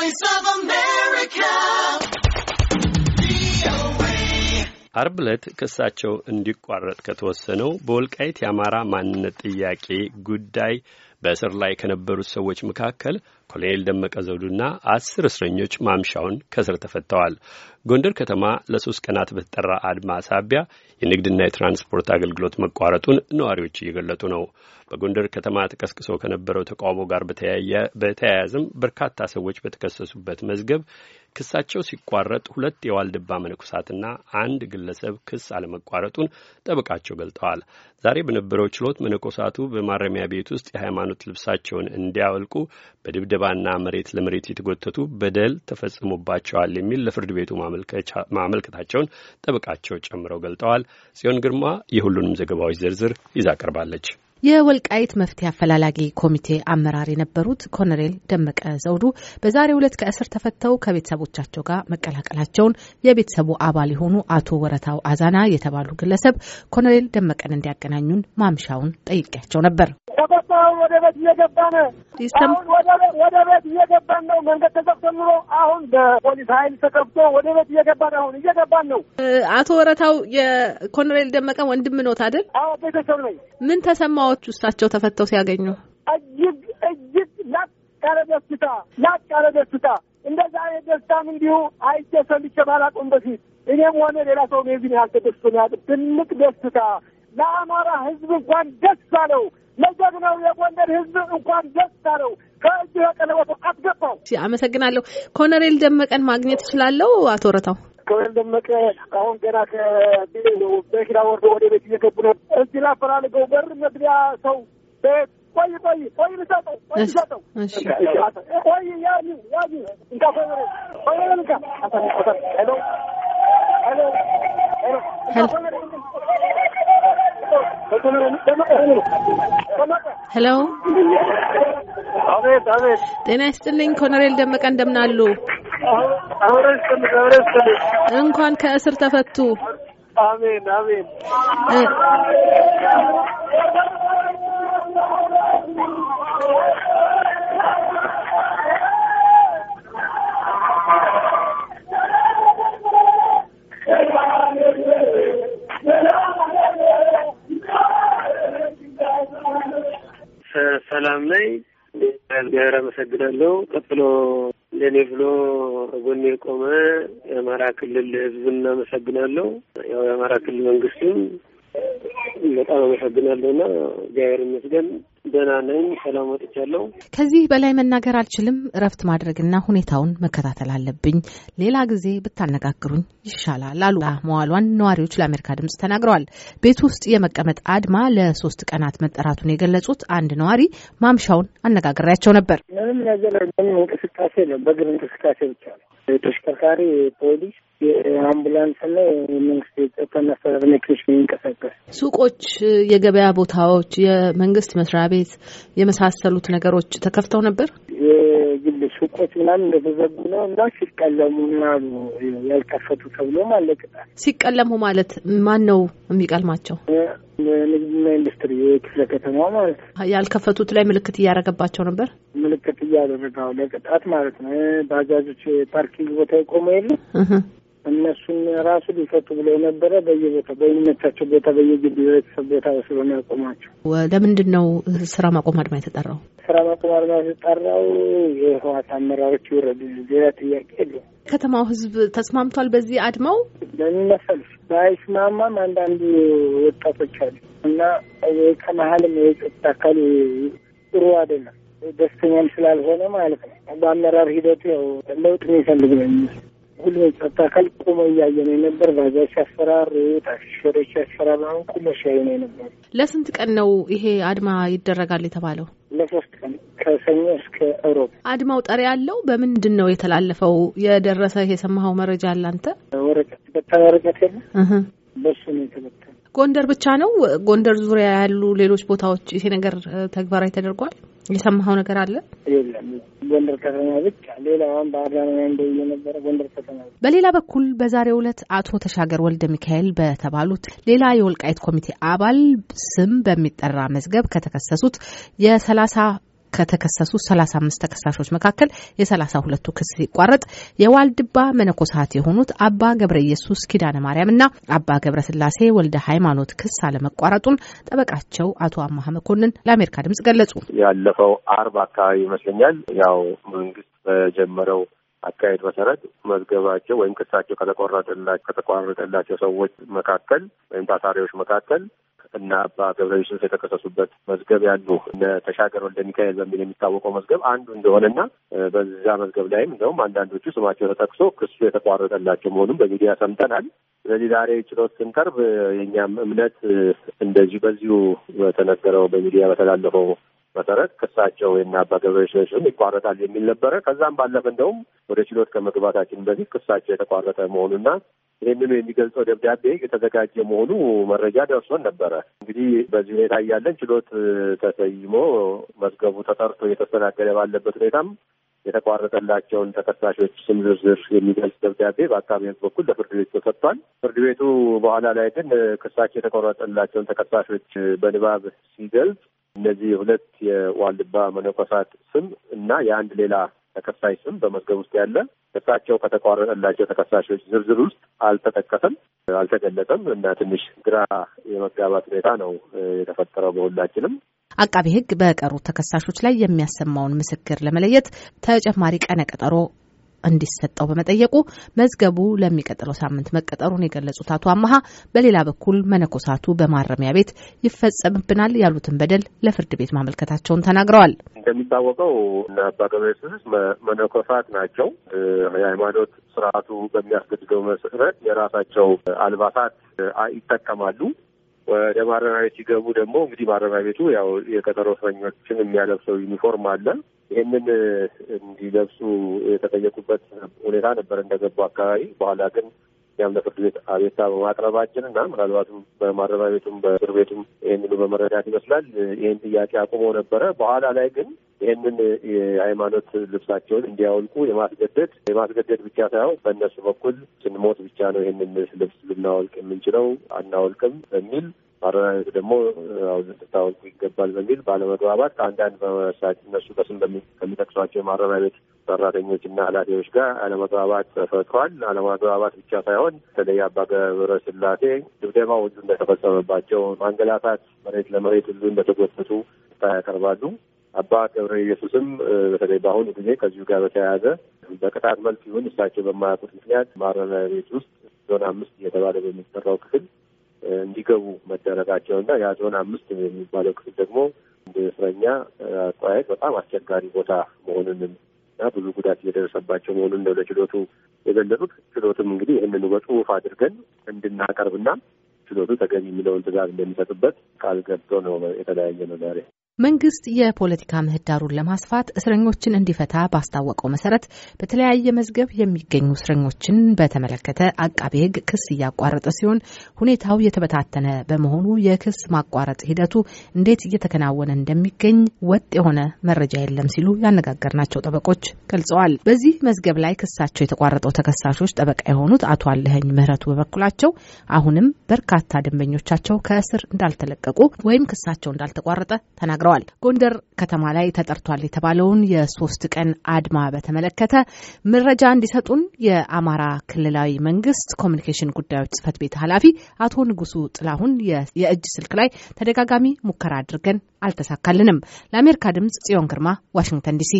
Voice of America. አርብ ዕለት ክሳቸው እንዲቋረጥ ከተወሰነው በወልቃይት የአማራ ማንነት ጥያቄ ጉዳይ በእስር ላይ ከነበሩት ሰዎች መካከል ኮሎኔል ደመቀ ዘውዱና አስር እስረኞች ማምሻውን ከእስር ተፈተዋል። ጎንደር ከተማ ለሶስት ቀናት በተጠራ አድማ ሳቢያ የንግድና የትራንስፖርት አገልግሎት መቋረጡን ነዋሪዎች እየገለጡ ነው። በጎንደር ከተማ ተቀስቅሶ ከነበረው ተቃውሞ ጋር በተያያዘም በርካታ ሰዎች በተከሰሱበት መዝገብ ክሳቸው ሲቋረጥ ሁለት የዋልድባ መነኮሳትና አንድ ግለሰብ ክስ አለመቋረጡን ጠበቃቸው ገልጠዋል። ዛሬ በነበረው ችሎት መነኮሳቱ በማረሚያ ቤት ውስጥ የሃይማኖት ልብሳቸውን እንዲያወልቁ በድብደ ድብደባና መሬት ለመሬት የተጎተቱ በደል ተፈጽሞባቸዋል የሚል ለፍርድ ቤቱ ማመልከታቸውን ጠበቃቸው ጨምረው ገልጠዋል። ጽዮን ግርማ የሁሉንም ዘገባዎች ዝርዝር ይዛ ቀርባለች። የወልቃይት መፍትሄ አፈላላጊ ኮሚቴ አመራር የነበሩት ኮሎኔል ደመቀ ዘውዱ በዛሬው ዕለት ከእስር ተፈተው ከቤተሰቦቻቸው ጋር መቀላቀላቸውን የቤተሰቡ አባል የሆኑ አቶ ወረታው አዛና የተባሉ ግለሰብ ኮሎኔል ደመቀን እንዲያገናኙን ማምሻውን ጠይቄያቸው ነበር። አሁን ወደ ቤት እየገባን አሁን ወደ ቤት እየገባን ነው። መንገድ ተዘግቶ ኑሮ አሁን በፖሊስ ኃይል ተጠብቶ ወደ ቤት እየገባን አሁን እየገባን ነው። አቶ ወረታው የኮሎኔል ደመቀ ወንድም ኖት አይደል? አዎ ቤተሰብ ነኝ። ምን ተሰማዎች እሳቸው ተፈተው ሲያገኙ? እጅግ እጅግ ላቅ ያለ ደስታ ላቅ ያለ ደስታ። እንደዛ አይነት ደስታም እንዲሁ አይቼ ሰምቼ ባላውቅም በፊት እኔም ሆነ ሌላ ሰው የዚህን ያህል ተደስቶ ነው ትልቅ ደስታ ለአማራ ሕዝብ እንኳን ደስ አለው። ለጀግናው የጎንደር ህዝብ እንኳን ደስታ ነው። ከእጅ ቀለበቱ አትገባው። አመሰግናለሁ። ኮሎኔል ደመቀን ማግኘት እችላለሁ? አቶ ረታው ኮሎኔል ደመቀ አሁን ገና ከመኪና ወርዶ ወደ ቤት እየገቡ ነው። እዚህ ላፈላልገው በር መግቢያ ሰው ቤት ቆይ ቆይ ቆይ ልሰጠው ቆይ ልሰጠው ቆይ ያዩ ያዩ እንካ ቆይ ቆይ እንካ ሄሎ፣ አቤት፣ አቤት። ጤና ይስጥልኝ ኮሎኔል ደመቀ እንደምን አሉ? እንኳን ከእስር ተፈቱ። አሜን፣ አሜን። አመሰግናለሁ። ቀጥሎ ለእኔ ብሎ ጎን የቆመ የአማራ ክልል ህዝብን እናመሰግናለሁ። ያው የአማራ ክልል መንግስትም በጣም አመሰግናለሁ እና እግዚአብሔር ይመስገን። ደህና ነኝ። ሰላም ወጥቻለሁ። ከዚህ በላይ መናገር አልችልም። እረፍት ማድረግና ሁኔታውን መከታተል አለብኝ። ሌላ ጊዜ ብታነጋግሩኝ ይሻላል አሉ መዋሏን ነዋሪዎች ለአሜሪካ ድምጽ ተናግረዋል። ቤት ውስጥ የመቀመጥ አድማ ለሶስት ቀናት መጠራቱን የገለጹት አንድ ነዋሪ ማምሻውን አነጋግሬያቸው ነበር። ምንም ነገር እንቅስቃሴ ነው፣ በእግር እንቅስቃሴ ብቻ ነው የተሽከርካሪ ፖሊስ፣ የአምቡላንስ የአምቡላንስና የመንግስት የጸጥታ አስተዳደር መኪኖች የሚንቀሳቀስ ሱቆች፣ የገበያ ቦታዎች፣ የመንግስት መስሪያ ቤት የመሳሰሉት ነገሮች ተከፍተው ነበር። ሱቆች ምናምን እንደተዘጉ ነው እና ሲቀለሙ ምናሉ ያልከፈቱ ተብሎ ማለት ነው። ሲቀለሙ ማለት ማን ነው የሚቀልማቸው? ንግድና ኢንዱስትሪ የክፍለ ከተማ ማለት ነው። ያልከፈቱት ላይ ምልክት እያደረገባቸው ነበር። ምልክት እያደረገው ለቅጣት ማለት ነው። ባጃጆች ፓርኪንግ ቦታ የቆመ የለም እነሱን ራሱ ሊፈቱ ብለው ነበረ። በየቦታ በሚመቻቸው ቦታ በየግቢ ቤተሰብ ቦታ ስለሆነ ያቆማቸው። ለምንድን ነው ስራ ማቆም አድማ የተጠራው? ስራ ማቆም አድማ የተጠራው የህወሓት አመራሮች ይውረዱ፣ ሌላ ጥያቄ የለውም። ከተማው ህዝብ ተስማምቷል በዚህ አድማው ለሚመስል ባይስማማም አንዳንድ ወጣቶች አሉ እና ከመሀልም የጸጥታ አካሉ ጥሩ አይደለም፣ ደስተኛም ስላልሆነ ማለት ነው። በአመራር ሂደቱ ያው ለውጥ የሚፈልግ ነው የሚመስል ጉልህ የጸጥታ አካል ቁመ እያየነ ነበር። ባጃጅ ሲያፈራር፣ ታክሲ ሾፌሮች አሁን ቁመ ሲያየነ ነበር። ለስንት ቀን ነው ይሄ አድማ ይደረጋል የተባለው? ለሶስት ቀን ከሰኞ እስከ እሮብ። አድማው ጠሪ ያለው በምንድን ነው የተላለፈው? የደረሰ የሰማኸው መረጃ አለ አንተ? ወረቀት በታ ወረቀት የለ በሱ ነው የተበታ። ጎንደር ብቻ ነው? ጎንደር ዙሪያ ያሉ ሌሎች ቦታዎች ይሄ ነገር ተግባራዊ ተደርጓል? የሰማኸው ነገር አለ? የለም ጎንደር ከተማ ብቻ። ነው በአዳማ እየነበረ የነበረ አመሰግናለሁ። በሌላ በኩል በዛሬው ዕለት አቶ ተሻገር ወልደ ሚካኤል በተባሉት ሌላ የወልቃይት ኮሚቴ አባል ስም በሚጠራ መዝገብ ከተከሰሱት የሰላሳ ከተከሰሱ 35 ተከሳሾች መካከል የ32ቱ ክስ ሲቋረጥ የዋልድባ መነኮሳት የሆኑት አባ ገብረ ኢየሱስ ኪዳነ ማርያም እና አባ ገብረ ስላሴ ወልደ ሃይማኖት ክስ አለመቋረጡን ጠበቃቸው አቶ አማሀ መኮንን ለአሜሪካ ድምጽ ገለጹ። ያለፈው አርብ አካባቢ ይመስለኛል ያው መንግስት በጀመረው አካሄድ መሰረት መዝገባቸው ወይም ክሳቸው ከተቆረጠላቸው ከተቋረጠላቸው ሰዎች መካከል ወይም ታሳሪዎች መካከል እና አባ ገብረ ዮሴፍ የተከሰሱበት መዝገብ ያሉ ተሻገር ወልደ ሚካኤል በሚል የሚታወቀው መዝገብ አንዱ እንደሆነና በዛ መዝገብ ላይም እንደውም አንዳንዶቹ ስማቸው ተጠቅሶ ክሱ የተቋረጠላቸው መሆኑን በሚዲያ ሰምተናል። ስለዚህ ዛሬ ችሎት ስንቀርብ የእኛም እምነት እንደዚሁ በዚሁ በተነገረው በሚዲያ በተላለፈው መሰረት ክሳቸው የእነ አባ ገብረሽም ይቋረጣል የሚል ነበረ። ከዛም ባለፈ እንደውም ወደ ችሎት ከመግባታችን በፊት ክሳቸው የተቋረጠ መሆኑና ይህንኑ የሚገልጸው ደብዳቤ የተዘጋጀ መሆኑ መረጃ ደርሶን ነበረ። እንግዲህ በዚህ ሁኔታ እያለን ችሎት ተሰይሞ መዝገቡ ተጠርቶ እየተስተናገደ ባለበት ሁኔታም የተቋረጠላቸውን ተከሳሾች ስም ዝርዝር የሚገልጽ ደብዳቤ በአካባቢ ሕዝብ በኩል ለፍርድ ቤቱ ተሰጥቷል። ፍርድ ቤቱ በኋላ ላይ ግን ክሳቸው የተቋረጠላቸውን ተከሳሾች በንባብ ሲገልጽ እነዚህ ሁለት የዋልድባ መነኮሳት ስም እና የአንድ ሌላ ተከሳሽ ስም በመዝገብ ውስጥ ያለ ክሳቸው ከተቋረጠላቸው ተከሳሾች ዝርዝር ውስጥ አልተጠቀሰም፣ አልተገለጸም እና ትንሽ ግራ የመጋባት ሁኔታ ነው የተፈጠረው በሁላችንም። አቃቤ ሕግ በቀሩት ተከሳሾች ላይ የሚያሰማውን ምስክር ለመለየት ተጨማሪ ቀነ ቀጠሮ እንዲሰጠው በመጠየቁ መዝገቡ ለሚቀጥለው ሳምንት መቀጠሩን የገለጹት አቶ አመሀ በሌላ በኩል መነኮሳቱ በማረሚያ ቤት ይፈጸምብናል ያሉትን በደል ለፍርድ ቤት ማመልከታቸውን ተናግረዋል። እንደሚታወቀው እነ መነኮሳት ናቸው። የሃይማኖት ስርዓቱ በሚያስገድደው መሰረት የራሳቸው አልባሳት ይጠቀማሉ። ወደ ማረሚያ ቤት ሲገቡ ደግሞ እንግዲህ ማረሚያ ቤቱ ያው የቀጠሮ እስረኞችን የሚያለብሰው ዩኒፎርም አለ። ይህንን እንዲለብሱ የተጠየቁበት ሁኔታ ነበር እንደገቡ አካባቢ። በኋላ ግን ያም ለፍርድ ቤት አቤታ በማቅረባችን እና ምናልባትም በማረሚያ ቤቱም በእስር ቤቱም ይህንኑ በመረዳት ይመስላል ይህን ጥያቄ አቁሞ ነበረ። በኋላ ላይ ግን ይህንን የሃይማኖት ልብሳቸውን እንዲያወልቁ የማስገደድ የማስገደድ ብቻ ሳይሆን በእነሱ በኩል ስንሞት ብቻ ነው ይህንን ልብስ ልናወልቅ የምንችለው፣ አናወልቅም በሚል ማረሚያ ቤት ደግሞ ልታወልቁ ይገባል በሚል ባለመግባባት ከአንዳንድ በመሳጭ እነሱ በስም ከሚጠቅሷቸው የማረሚያ ቤት ሰራተኞችና ኃላፊዎች ጋር አለመግባባት ተፈጥሯል። አለመግባባት ብቻ ሳይሆን በተለይ አባ ገብረ ስላሴ ድብደባ ሁሉ እንደተፈጸመባቸው፣ ማንገላታት መሬት ለመሬት ሁሉ እንደተጎተቱ ያቀርባሉ። አባ ገብረ ኢየሱስም በተለይ በአሁኑ ጊዜ ከዚሁ ጋር በተያያዘ በቅጣት መልክ ይሁን እሳቸው በማያውቁት ምክንያት ማረሚያ ቤት ውስጥ ዞን አምስት እየተባለ በሚጠራው ክፍል እንዲገቡ መደረጋቸው እና ያ ዞን አምስት የሚባለው ክፍል ደግሞ እንደ እስረኛ አጠያየቅ በጣም አስቸጋሪ ቦታ መሆኑንም እና ብዙ ጉዳት እየደረሰባቸው መሆኑን ነው ለችሎቱ የገለጹት። ችሎትም እንግዲህ ይህንን በጽሁፍ አድርገን እንድናቀርብና ችሎቱ ተገቢ የሚለውን ትዕዛዝ እንደሚሰጥበት ቃል ገብቶ ነው የተለያየ ነው ዛሬ መንግስት የፖለቲካ ምህዳሩን ለማስፋት እስረኞችን እንዲፈታ ባስታወቀው መሰረት በተለያየ መዝገብ የሚገኙ እስረኞችን በተመለከተ አቃቤ ሕግ ክስ እያቋረጠ ሲሆን ሁኔታው የተበታተነ በመሆኑ የክስ ማቋረጥ ሂደቱ እንዴት እየተከናወነ እንደሚገኝ ወጥ የሆነ መረጃ የለም ሲሉ ያነጋገርናቸው ጠበቆች ገልጸዋል። በዚህ መዝገብ ላይ ክሳቸው የተቋረጠው ተከሳሾች ጠበቃ የሆኑት አቶ አለኸኝ ምህረቱ በበኩላቸው አሁንም በርካታ ደንበኞቻቸው ከእስር እንዳልተለቀቁ ወይም ክሳቸው እንዳልተቋረጠ ተናግረዋል። ተናግረዋል። ጎንደር ከተማ ላይ ተጠርቷል የተባለውን የሶስት ቀን አድማ በተመለከተ መረጃ እንዲሰጡን የአማራ ክልላዊ መንግስት ኮሚኒኬሽን ጉዳዮች ጽህፈት ቤት ኃላፊ አቶ ንጉሱ ጥላሁን የእጅ ስልክ ላይ ተደጋጋሚ ሙከራ አድርገን አልተሳካልንም። ለአሜሪካ ድምጽ ጽዮን ግርማ ዋሽንግተን ዲሲ